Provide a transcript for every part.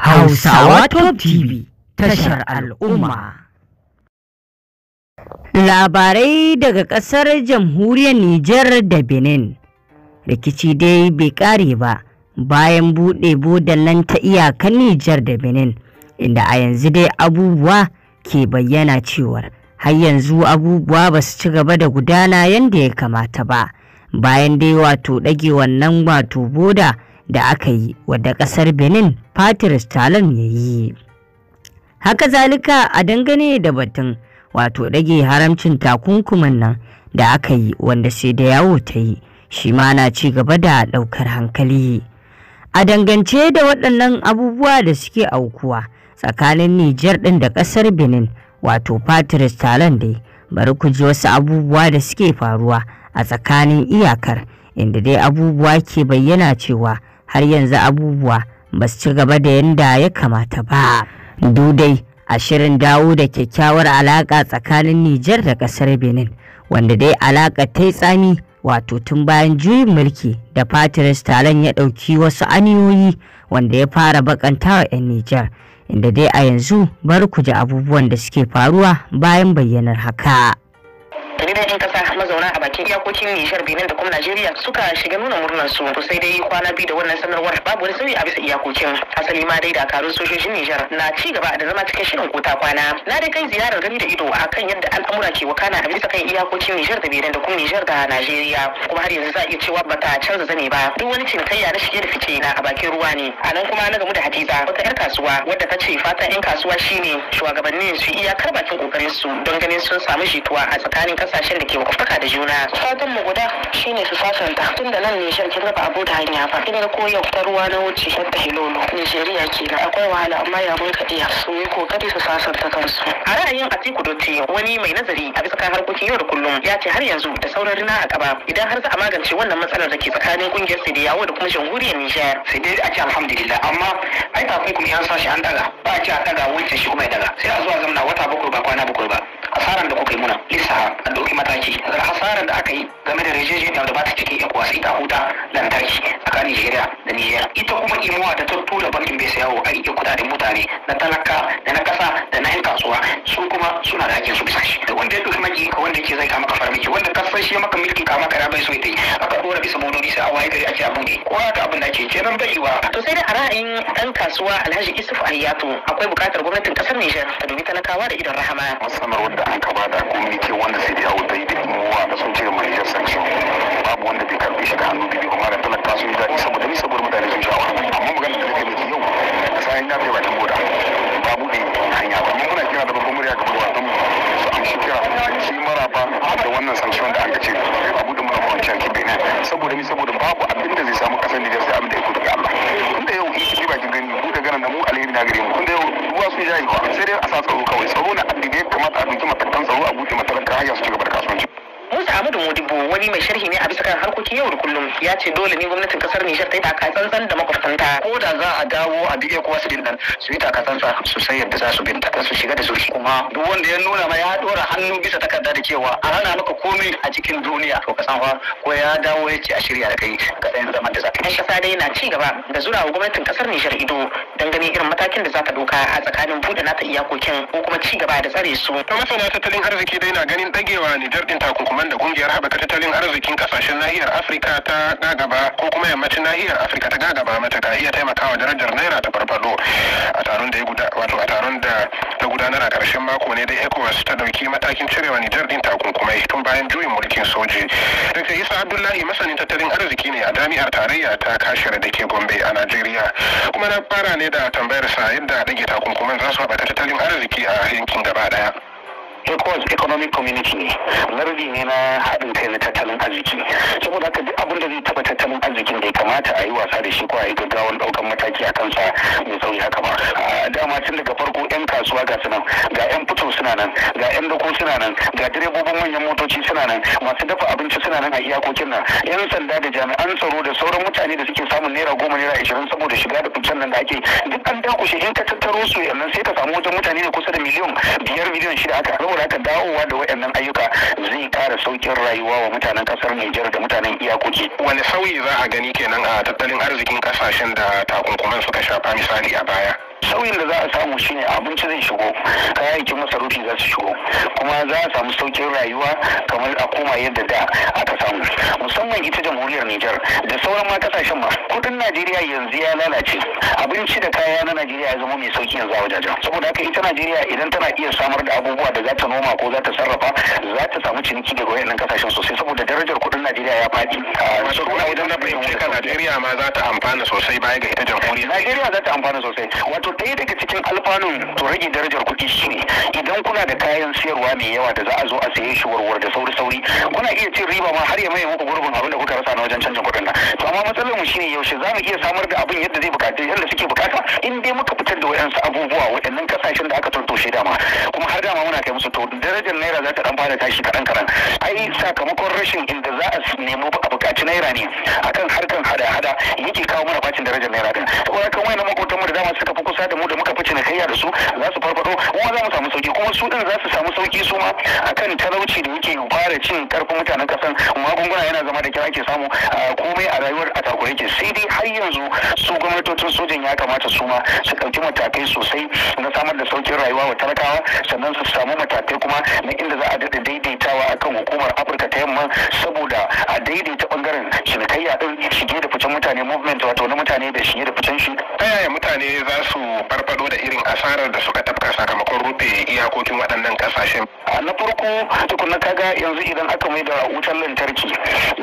Hausawa Top TV tashar al'umma. Labarai daga ƙasar jamhuriyar Nijar da Benin. Rikici dai bai ƙare ba bayan buɗe bodan nan ta iyakan Nijar da Benin, inda a yanzu dai abubuwa ke bayyana cewar har yanzu abubuwa ba su ci gaba da gudana yadda ya kamata ba. Bayan dai wato ɗage wannan wato boda. da aka yi wadda ƙasar Benin Patrice Talon ya yi. Haka zalika a dangane da batun wato rage haramcin takunkuman nan da aka yi wanda sai da yawo ta yi shi ma na ci gaba da ɗaukar hankali. A dangance da waɗannan abubuwa da suke aukuwa tsakanin Nijar ɗin da ƙasar Benin wato Patrice Talon dai bari ku ji wasu abubuwa da suke faruwa a tsakanin iyakar inda dai abubuwa ke bayyana cewa har yanzu abubuwa ba su ci gaba da yadda ya kamata ba. Dudai a shirin dawo da kyakkyawar alaƙa tsakanin Nijar da ƙasar Benin, wanda dai alaƙa ta yi tsami wato tun bayan juyin mulki da Patrice Talon ya ɗauki wasu aniyoyi wanda ya fara bakanta wa 'yan Nijar. Inda dai a yanzu bar ku ji abubuwan da suke faruwa bayan bayyanar haka. ke iyakokin Nijar Benin da kuma Najeriya suka shiga nuna murnar su to sai dai kwana biyu da wannan sanarwar babu wani sauyi a bisa iyakokin asali ma dai da dakarun sojojin Nijar na ci gaba da zama cikin shirin kota kwana na dai kai ziyarar gani da ido A kan yadda al'amura ke wakana a bisa kan iyakokin Nijar da Benin da kuma Nijar da Najeriya kuma har yanzu za a iya cewa bata canza zane ba duk wani cinikayya na shige da fice na a bakin ruwa ne a nan kuma na gamu da Hadiza wata 'yar kasuwa wadda ta ce fatan 'yan kasuwa shine shugabannin su iyakar bakin kokarin su don ganin sun samu jituwa a tsakanin kasashen da ke makwabtaka da juna fatan mu guda shine su sasanta tun da nan Nijar kin ga abu da hanya ba kin ga ko yau ta ruwa na wuce ta Hilolo Nijeriya kenan akwai wahala amma ya mun iya su yi kokari su sasanta kansu a ra'ayin Atiku Dotti wani mai nazari a bisa kan harkokin yau da kullum ya ce har yanzu da sauran rina a gaba idan har za a magance wannan matsalar da ke tsakanin kungiyar Sidiyawo da kuma jamhuriyar Nijar sai dai a ce alhamdulillah amma ai kafin kuma yan sashi an daga ba a ce a daga wancan shi kuma ya daga sai a zuwa zamna wata bakwai ba kwana bakwai ba hasaran da kuka yi muna lissa a dauki mataki hasaran da aka yi game da rejejeniya da ba ta cikin ekuwa sai ta huta lantarki ta Nigeria da Niger ita kuma imuwa ta tura bankin bai sayawo a rike kudaden mutane na talaka da na kasa da na yan kasuwa su kuma suna da hakkin su shi da wanda ya ɗauki maki ka wanda ke zai kama ka farmaki wanda ka san shi maka milkin kama ka bai so ita yi aka dora bisa bodo bisa a waye gari ake abu ne ko haka abin da ce kenan bai yiwa to sai da a ra'ayin ɗan kasuwa Alhaji Isuf Ayyatu akwai buƙatar gwamnatin ƙasar nijar ta dubi talakawa da idan rahama masanar wanda an kaba da ce wanda sai da ya ta yi da imuwa da sun ce mai sanction wanda aka ce a gudun mara wancan kibe ne saboda ni saboda babu abin da zai samu kasar Nijar sai abin ya kudu ga Allah tun da yau in kibe bakin gani mu da da mu alheri na gare mu tun da yau ruwa sun jaye sai dai a sa tsaro kawai tsaro na abin da ya kamata a dauki matakan tsaro a buɗe matakan hanya su ci gaba da kasuwanci Musa Ahmadu Modibo wani mai sharhi ne a bisa kan harkokin yau da kullum ya ce dole ne gwamnatin kasar Nijar ta yi taka tsantsan da makwabtanta ko da za a dawo a biye kowa su din su yi taka tsantsan sosai yadda za su binta su shiga da zuci. kuma duk wanda ya nuna ma ya dora hannu bisa takarda da cewa a hana maka komai a cikin duniya to ka san fa ko ya dawo ya ce a shirya da kai ka tsayin zaman da za ka. kasa dai na ci gaba da zura wa gwamnatin kasar Nijar ido don gani irin matakin da za ta doka a tsakanin buɗe nata iyakokin ko kuma ci gaba da tsare su. Masana tattalin arziki dai na ganin dagewa Nijar ta takunkuma makaman da kungiyar haɓaka tattalin arzikin kasashen nahiyar afirka ta gagaba ko kuma yammacin nahiyar afirka ta gagaba mata ka iya taimakawa darajar naira ta farfado a taron da ya wato a taron da ta gudanar a ƙarshen mako ne da ecowas ta ɗauki matakin cirewa nijar din takunkumai tun bayan juyin mulkin soji dr isa abdullahi masanin tattalin arziki ne a jami'ar tarayya ta kashira da ke gombe a najeriya kuma na fara ne da tambayar sa yadda dage takunkuman za su haɓaka tattalin arziki a yankin gaba ɗaya ecowas economic community ne lardi ne na haɗin kai na tattalin arziki saboda haka duk abin da zai taɓa tattalin arzikin da ya kamata a yi wasa da shi ko a yi gaggawan ɗaukan mataki a kansa mai sauyi haka ba dama tun daga farko 'yan kasuwa ga sunan ga 'yan fito suna nan ga 'yan dako suna nan ga direbobin manyan motoci suna nan masu dafa abinci suna nan a iyakokin nan 'yan sanda da jami'an tsaro da sauran mutane da suke samun naira goma naira ashirin saboda shiga da fitan nan da ake duk an dakushe in ka tattaro su yannan sai ka samu wajen mutane da kusa da miliyan biyar miliyan shida haka saboda haka dawowa da waɗannan ayyuka zai kara saukin rayuwa wa mutanen kasar Nijar da mutanen iyakoki wani sauyi za a gani kenan a tattalin arzikin kasashen da takunkuman suka shafa misali a baya sauyin da za a samu shine abinci zai shigo kayayyakin masarufi za su shigo kuma za a samu saukin rayuwa kamar a koma yadda da aka samu musamman ita jamhuriyar Nijar da sauran ma kasashen ma kudin Najeriya yanzu ya lalace abinci da kaya na Najeriya ya zama mai sauki yanzu a wajajen saboda haka ita Najeriya idan tana iya samar da abubuwa da za ta noma ko za ta sarrafa za ta samu ciniki daga wayannan kasashen sosai saboda darajar kudin Najeriya ya faɗi wato kuma idan na fahimci ka Najeriya ma za ta amfana sosai baya ga ita jamhuriyar Najeriya za ta amfana sosai wato to ɗaya daga cikin alfanun to rage darajar kuɗi shine idan kuna da kayan siyarwa mai yawa da za a zo a saye shi warwar da sauri sauri kuna iya cin riba ma har ya maye muku gurbin abin da kuka rasa na wajen canjin kuɗin nan to amma matsalar mu shine yaushe za mu iya samar da abin yadda zai buƙaci yadda suke bukata in dai muka fitar da wayansu abubuwa waɗannan kasashen da aka tantoshe dama kuma har dama muna kai musu to darajar naira za ta dan fara tashi kaɗan kaɗan ai sakamakon rashin inda za a nemo a bukaci naira ne akan harkan hada-hada yake kawo mana bacin darajar naira din saboda kan wayan makotan mu da dama suka fi kusa nisa da mu da muka na cinikayya da su za su farfado kuma za mu samu sauki kuma su din za su samu sauki su ma akan talauci da yake fara cin karfin mutanen kasan magunguna yana zama da kyau ake samu komai a rayuwar a takure ke sai dai har yanzu su gwamnatocin sojan ya kamata su ma su ɗauki matakai sosai na samar da saukin rayuwa wa talakawa sannan su samu matakai kuma na inda za a daɗa daidaitawa akan hukumar afirka ta yamma saboda a daidaita ɓangaren tarayya din shige da fitan mutane movement wato na mutane da shige da fitan shi ta yaya mutane za su farfado da irin asarar da suka tafka sakamakon rufe iyakokin waɗannan ƙasashen na farko tukuna kaga yanzu idan aka mai da wutar lantarki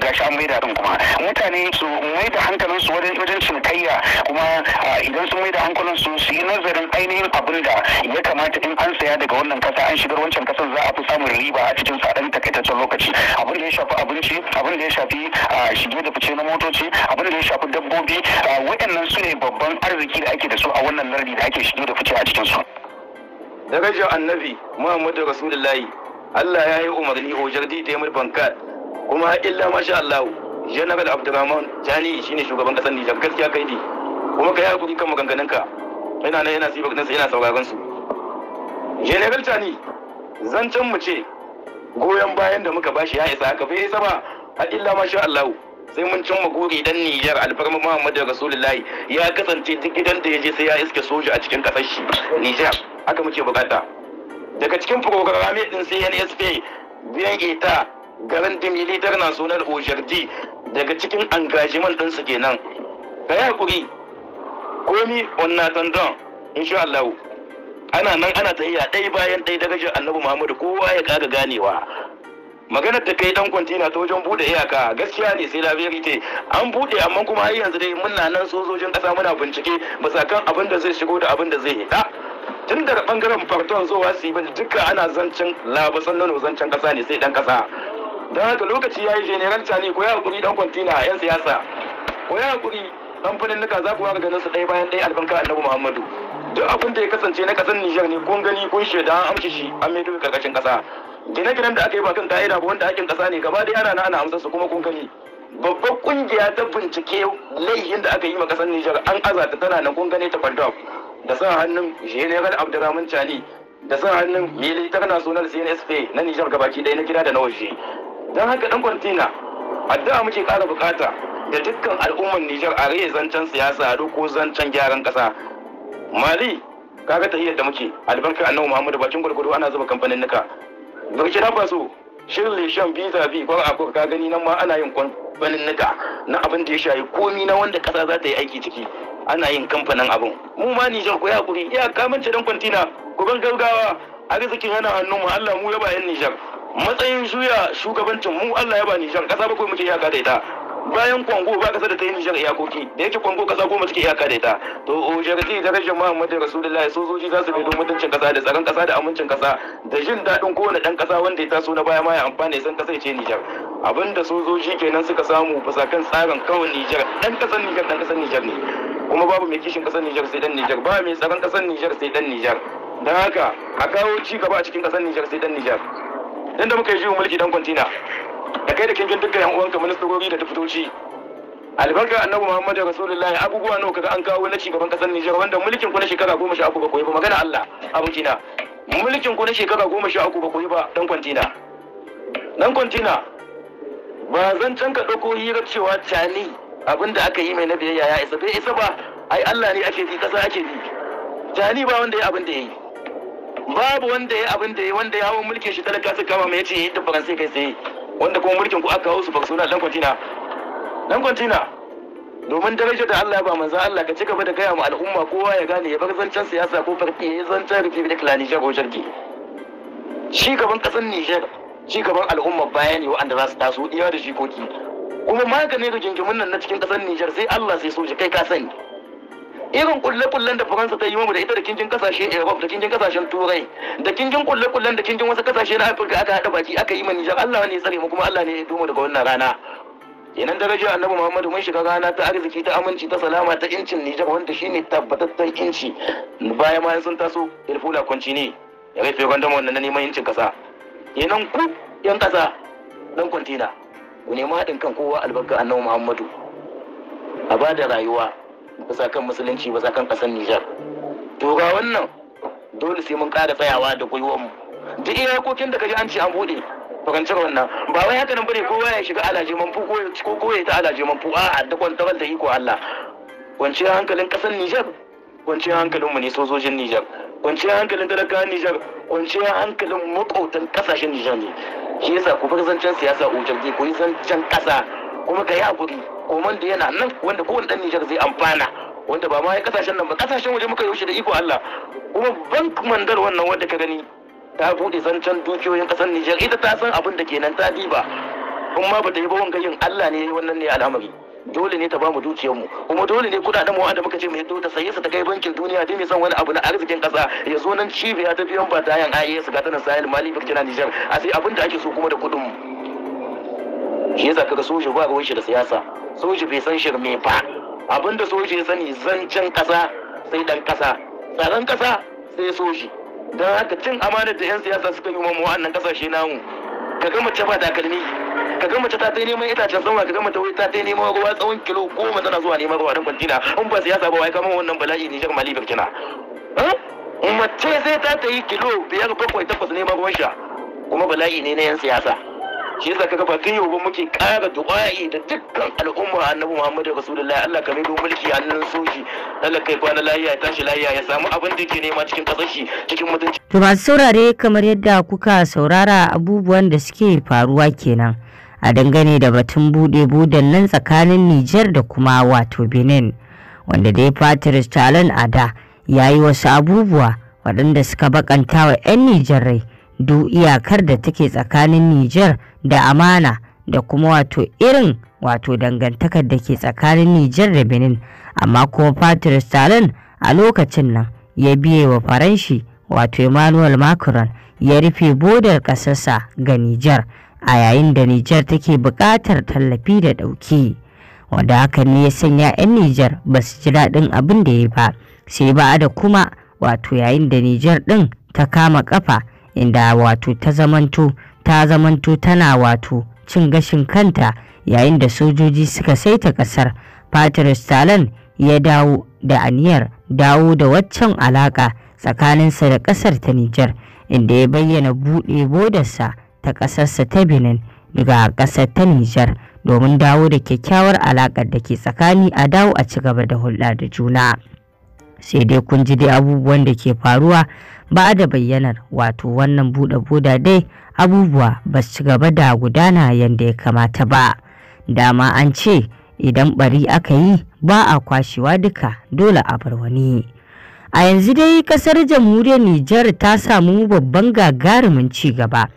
ga shi an mai da din kuma mutane su mai da su wajen cinikayya kuma idan sun mai da hankalin su yi nazarin ainihin abin da ya kamata in an saya daga wannan kasa an shigar wancan kasar za a fi samun riba a cikin sa dan takaitaccen lokaci abin da ya shafi abinci abin da ya shafi shige da ce na motoci abin da ya shafi dabbobi waɗannan su ne babban arziki da ake da su a wannan lardi da ake shigo da fice a cikin su darajar annabi muhammadu rasulullahi allah ya yi umarni ojar di da banka kuma illa masha allah general abdurrahman jani shine shugaban kasar nijar gaskiya kai ne kuma yi hakuri kan maganganunka yana nan yana sibar yana sauraron su general jani zancen mu ce goyon bayan da muka bashi ya isa haka bai isa ba illa masha allahu sai mun cimma guri dan Nijar alfarma Muhammadu Rasulullahi ya kasance duk gidan da ya je sai ya iske soja a cikin kasar shi Nijar haka muke bukata daga cikin programme din CNSP biyan ita garin Dimilitar sunan Ojardi daga cikin engagement din su kenan ka yi hakuri komi wannan tantan insha Allah ana nan ana tafiya ɗaya bayan ɗaya darajar annabi Muhammadu kowa ya kaga ganewa maganar da kai dan kwantina ta wajen bude iyaka gaskiya ne sai labiri ce an bude amma kuma har yanzu dai muna nan sojojin kasa muna bincike bisa kan abin da zai shigo da abin da zai hita tun da bangaren farton zuwa su yi duka ana zancen labasan nono zancen kasa ne sai dan kasa don haka lokaci ya yi general tani ko ya hakuri dan kwantina yan siyasa ko ya hakuri kamfanin nuka za ku ganin su ɗaya bayan ɗaya albanka annabi muhammadu duk abin da ya kasance na kasar Nijar ne kun gani kun shaida an amshi shi an mai duka karkashin kasa gine-ginen da aka yi ba kan ka'ida ba wanda aikin kasa ne gaba da yara na ana amsa su kuma kun gani babbar kungiya ta bincike laihin da aka yi ma kasar Nijar an azata tana nan kun gani ta Fandop da sa hannun General Abdurrahman Chani da sa hannun Militar National CNSP na Nijar gabaki ɗaya na gida da na waje don haka dan kwantina addu'a muke kara bukata da dukkan al'ummar Nijar a zancen siyasa a duk zancen gyaran kasa mali kaga tahiyar da muke albarka annabi muhammadu bakin gurguru ana zuba kamfanin nuka na faso shirin shan visa bi kwan akwai ka gani nan ma ana yin kamfanin nika na abin da ya shayi komi na wanda kasa za ta yi aiki ciki ana yin kamfanin abin mu ma nijar ku ya kuri iya kamance dan kwantina ku ban gaugawa arzikin yana hannun mu Allah mu yaba yan nijar matsayin shuya shugabancin mu Allah ya ba nijar kasa bakwai muke iyaka da ita bayan kwango ba kasar da ta yi nijar iyakoki da yake kwango kasa goma cikin iyaka da ita to ojarti oh, da rashin muhammadin rasulullahi sojoji za su bi don mutuncin kasa da tsaron kasa da amincin kasa da jin daɗin kowane ɗan kasa wanda ya taso na baya ma ya amfana san ya ce nijar abinda sojoji kenan suka samu bisa kan tsarin kawai nijar ɗan kasar nijar ɗan kasar nijar ne kuma babu mai kishin kasar nijar sai ɗan nijar ba mai tsaron kasar nijar sai ɗan nijar don haka a kawo ci gaba a cikin kasar nijar sai ɗan nijar dan muka yi mulki dan kwantina da kai da kingin duka yan uwanka ministoci da dafitoci albarka annabi muhammad da rasulullahi abubuwa nawa kaga an kawo na shugaban kasar nijar wanda mulkin ku na shekara goma sha uku ba koyi ba magana allah abokina mulkin ku na shekara goma sha uku ba koyi ba dan kwantina dan kwantina ba zan can ka ɗauko hira cewa cani abinda aka yi mai na biyayya ya isa bai isa ba ai allah ne ake ji kasa ake ji cani ba wanda ya abin da ya yi babu wanda ya abin da ya wanda ya hawan mulkin shi talaka su kama mai ya yi ta faransai kai sai wanda kuma mulkin ku aka hausu su na dan kwantina dan kwantina domin darajar da Allah ba manzo Allah ka cigaba da gaya mu al'umma kowa ya gane ya bar zancen siyasa ko farki ya zancen rufi da kilani shago shirki shi gaban kasar Niger shi gaban al'umma baya ne wa'anda za su taso iya da shikoki kuma maganin rigingimin nan na cikin kasar Nijar sai Allah sai soja kai ka sani irin kulle-kullen da faransa ta yi mu da ita da kingin kasashen eh, europe da kingin kasashen turai da kingin kulle-kullen da kingin wasu kasashe na afirka aka haɗa baki aka yi manijar allah ne ya tsare mu kuma allah ne ya dumu daga wannan rana yanan daraja annabi muhammadu mun shiga rana ta arziki ta aminci ta salama ta incin nijar wanda shine tabbatattun inci baya ma sun taso ilfula kunci ne ya rufe gwandama wannan na neman incin kasa yanan ku yan kasa dan kwantina ku nemi haɗin kan kowa albarka annabi muhammadu a ba da rayuwa bisa kan musulunci sa kan kasan Nijar. To ga wannan dole sai mun ƙara tsayawa da gwiwanmu. Duk iyakokin da kaji an ce an buɗe fahimtar wannan ba wai haka nan bane kowa ya shiga alaje manfu ko ko ya ta alaje manfu a'a da kwantarar da iko Allah. Kwanciyar hankalin kasan Nijar hankalin hankalinmu ne sojojin Nijar. kwanciyar hankalin talakawa Nijar kwanciyar hankalin makautan kasashen Nijar ne shi yasa ku bar zancen siyasa ujar ku yi zancen kasa kuma ka yi koman da yana nan wanda kowane dan Nijar zai amfana wanda ba ma ya kasashen nan ba kasashen waje muka yaushe da iko Allah kuma bank mandar wannan wanda ka gani ta bude zancen dukiyoyin kasar Nijar ita ta san abin da kenan ta diba kuma ba ta yi ba wanga yin Allah ne wannan ne al'amari dole ne ta bamu dukiyar mu kuma dole ne kudaden mu wanda muka ce mu yaddo ta saye su ta kai bankin duniya dai mai son wani abu na arzikin kasa ya zo nan cibiya ta biyan ba ta yan IAS ga tana nan Sahel Mali Burkina Nijar a sai abin da ake so kuma da kudin mu shi yasa kaga soja ba ruwan shi da siyasa soja bai san shirme ba abinda soja ya sani zancen kasa sai dan kasa tsaron kasa sai soji don haka cin amanar da 'yan siyasa suka yi mamu wa'annan kasashe namu ka ga mace ba takalmi ka ga mace ta ta neman itacen sama ka ga mace ta ta neman ruwa tsawon kilo goma tana zuwa neman ruwa don kwantina in ba siyasa ba wai kama wannan bala'i ne shar mali birkina eh? mace sai ta ta yi kilo biyar bakwai takwas neman ruwan sha kuma bala'i ne na 'yan siyasa shi yasa kaga ba kai yau muke ƙara du'a'i da dukkan al'umma annabi Muhammadu Rasulullahi Allah ka maido mulki a nan soji Allah kai kwana lahiya tashi lahiya ya samu abin da yake nema cikin kasar shi cikin mutunci to masu saurare kamar yadda kuka saurara abubuwan da suke faruwa kenan a dangane da batun bude budan nan tsakanin Nijar da kuma wato Benin wanda dai Patrice Talon Ada ya yi wasu abubuwa waɗanda suka bakanta wa 'yan Nijar rai duk iyakar da take tsakanin Nijar da Amana da kuma wato irin wato dangantakar da ke tsakanin Nijar da Benin amma kuma Patrice Talon a lokacin nan ya biye wa Faranshi wato Emmanuel Macron ya rufe bodar ƙasarsa ga Nijar a yayin da Nijar take buƙatar tallafi da ɗauki. Wanda hakan ne ya sanya 'yan Nijar ba su ji daɗin abin da ya ba sai ba da kuma wato yayin da Nijar ɗin ta kama ƙafa inda wato ta zamanto ta zamanto tana wato cin gashin kanta yayin da sojoji suka saita kasar Patrice Talon ya dawo da aniyar dawo da waccan alaka tsakaninsa da kasar ta Nijar inda ya bayyana buɗe bodarsa ta kasarsa ta Benin daga kasar ta Nijar domin dawo da kyakkyawar alaƙar da ke tsakani a dawo a ci gaba da hulɗa da juna. sai dai kun ji dai abubuwan da ke faruwa ba da bayyanar wato wannan buɗe buda dai abubuwa ba su gaba da gudana yadda ya kamata ba dama an ce idan bari aka yi ba a kwashewa duka dole a bar wani a yanzu dai kasar jamhuriyar nijar ta samu babban gagarumin ci gaba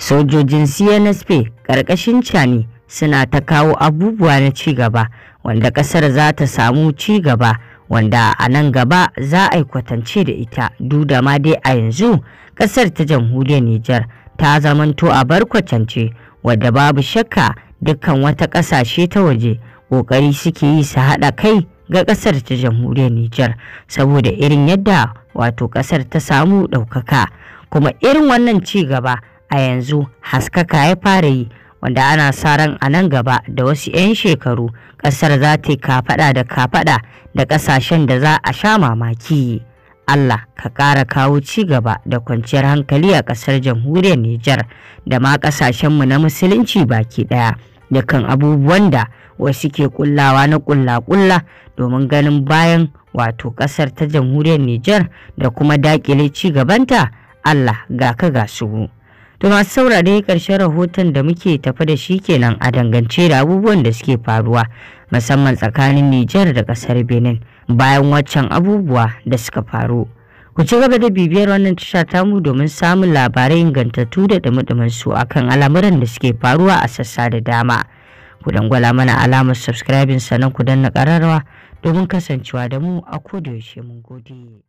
sojojin cnsp ƙarƙashin cani suna ta kawo abubuwa na ci gaba wanda ƙasar za ta samu ci gaba wanda a nan gaba za a yi kwatance da ita duda ma dai a yanzu kasar ta jamhuriyar Nijar ta zamanto a bar kwatance wadda babu shakka dukkan wata ƙasashe ta waje ƙoƙari suke yi su haɗa kai ga ƙasar ta jamhuriyar Nijar saboda irin yadda wato ƙasar ta samu ɗaukaka kuma irin wannan ci gaba a yanzu haskaka ya fara yi wanda ana sa ran a nan gaba da wasu 'yan shekaru ƙasar za ta yi kafaɗa da kafaɗa da ƙasashen da za a sha mamaki. Allah ka ƙara kawo ci gaba da kwanciyar hankali a ƙasar jamhuriyar Nijar da ma ƙasashenmu na musulunci baki ɗaya da kan abubuwan da wasu ke kullawa na kulla-kulla domin ganin bayan wato ƙasar ta jamhuriyar Nijar da kuma daƙile ci gabanta Allah ga ka ga su. To masu saurare ƙarshen rahoton da muke tafi da shi kenan a dangance da abubuwan da suke faruwa musamman tsakanin Nijar da ƙasar Benin bayan waccan abubuwa da suka faru. Ku ci gaba da bibiyar wannan tasha mu domin samun labarai ingantattu da dumi su akan al'amuran da suke faruwa a sassa da dama. Ku dangwala mana alamar subscribing sannan ku danna ƙararrawa domin kasancewa da mu a kodayaushe mun gode.